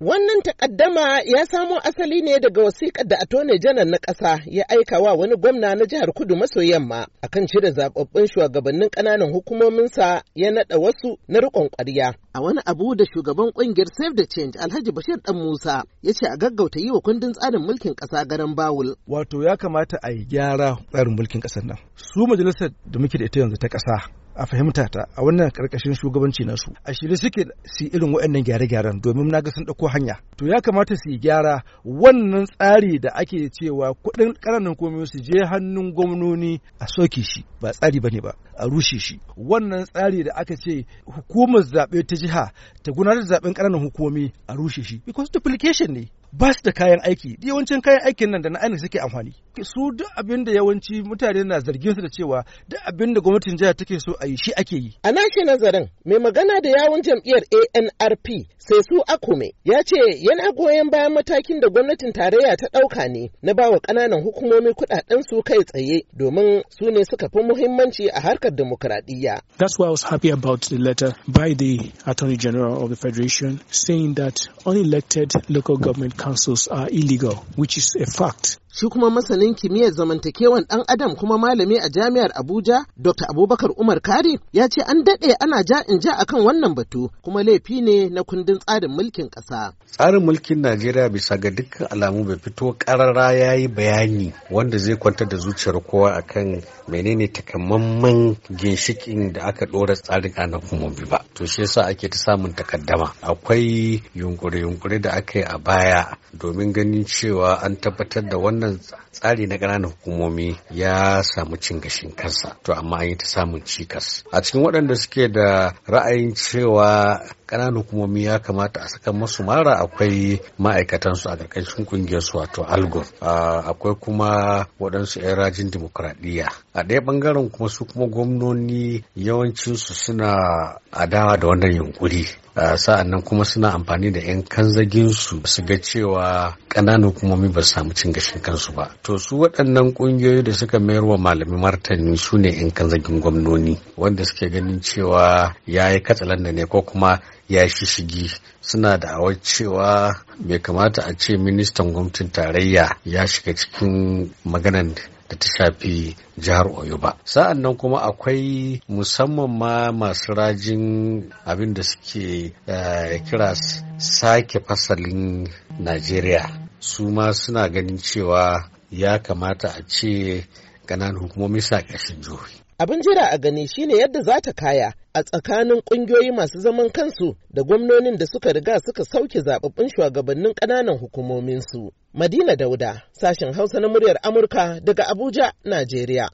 Wannan takaddama ya samo asali ne daga wasiƙar da atone janar na ƙasa ya aika wa wani gwamna na jihar kudu maso yamma akan cire zaɓaɓɓun shugabannin ƙananan hukumominsa ya naɗa wasu na riƙon ƙwarya. A wani abu da shugaban ƙungiyar Save the Change Alhaji Bashir Dan Musa ya ce a gaggauta yi wa kundin tsarin mulkin ƙasa garin bawul. Wato ya kamata a yi gyara tsarin mulkin ƙasar nan. Su majalisar da muke da ita yanzu ta ƙasa a fahimta ta a wannan karkashin shugabanci nasu a shirye suke su irin waɗannan gyare-gyaren domin na ga sun ɗauko hanya to ya kamata su gyara wannan tsari da ake cewa kuɗin ƙananan komai su je hannun gwamnoni a soke shi ba tsari bane ba a rushe shi wannan tsari da aka ce hukumar zaɓe ta jiha ta gudanar da zaɓen ƙananan hukumomi a rushe shi because duplication ne ba su da kayan aiki yawancin kayan aikin nan da na ainihin suke amfani su duk abin da yawanci mutane na zargin su da cewa duk abin da gwamnatin jihar take so a yi shi ake yi a nashi nazarin mai magana da yawun jam'iyyar anrp sai su akume ya ce yana goyon bayan matakin da gwamnatin tarayya ta ɗauka ne na ba wa ƙananan hukumomi kuɗaɗen su kai tsaye domin su ne suka fi muhimmanci a harkar demokuraɗiyya that's why i was happy about the letter by the attorney general of the federation saying that unelected local government councils are illegal, which is a fact. Shi kuma masanin kimiyyar zamantakewan ɗan adam kuma malami a jami'ar Abuja, Dr. Abubakar Umar Kari, ya ce an daɗe ana ja in ja akan wannan batu kuma laifi ne na kundin tsarin mulkin ƙasa. Tsarin mulkin Najeriya bisa ga dukkan alamu bai fito ƙarara ya yi bayani wanda zai kwantar da zuciyar kowa akan menene takamaiman ginshikin da aka ɗora tsarin ana kuma ba. To shi yasa ake ta samun takaddama. Akwai yunkure-yunkure da aka yi a baya domin ganin cewa an tabbatar da wannan wannan tsari na ƙananan hukumomi ya samu cin gashin kansa to amma an yi ta samun cikas a cikin waɗanda suke da ra'ayin cewa Kananan hukumomi ya kamata a saka masu mara akwai ma'aikatansu a ƙarƙashin ƙungiyar su wato algon akwai kuma waɗansu 'yan rajin dimokuraɗiyya a ɗaya ɓangaren kuma su kuma gwamnoni yawancinsu suna adawa da wannan yunkuri sa'an nan kuma suna amfani da 'yan kanzaginsu su ga cewa ƙananan hukumomi ba su samu cin gashin kansu ba to su waɗannan ƙungiyoyi da suka mayar wa malami martani su ne 'yan kanzagin gwamnoni wanda suke ganin cewa ya yi katsalan da ne ko kuma ya shigi suna da awar cewa bai kamata a ce ministan gwamnatin tarayya ya shiga cikin maganan da ta shafi jihar oyo ba sa'an nan kuma akwai musamman ma masu rajin abin da suke eh, kira sake fasalin najeriya su ma suna ganin cewa ya kamata a ce ƙananan hukumomi sa ƙashin jihohi Abin jira a gani shine yadda za ta kaya a tsakanin ƙungiyoyi masu zaman kansu da gwamnonin da suka riga suka sauke zababbin shugabannin ƙananan hukumominsu. Madina Dauda, sashen Hausa na muryar Amurka daga Abuja, Najeriya.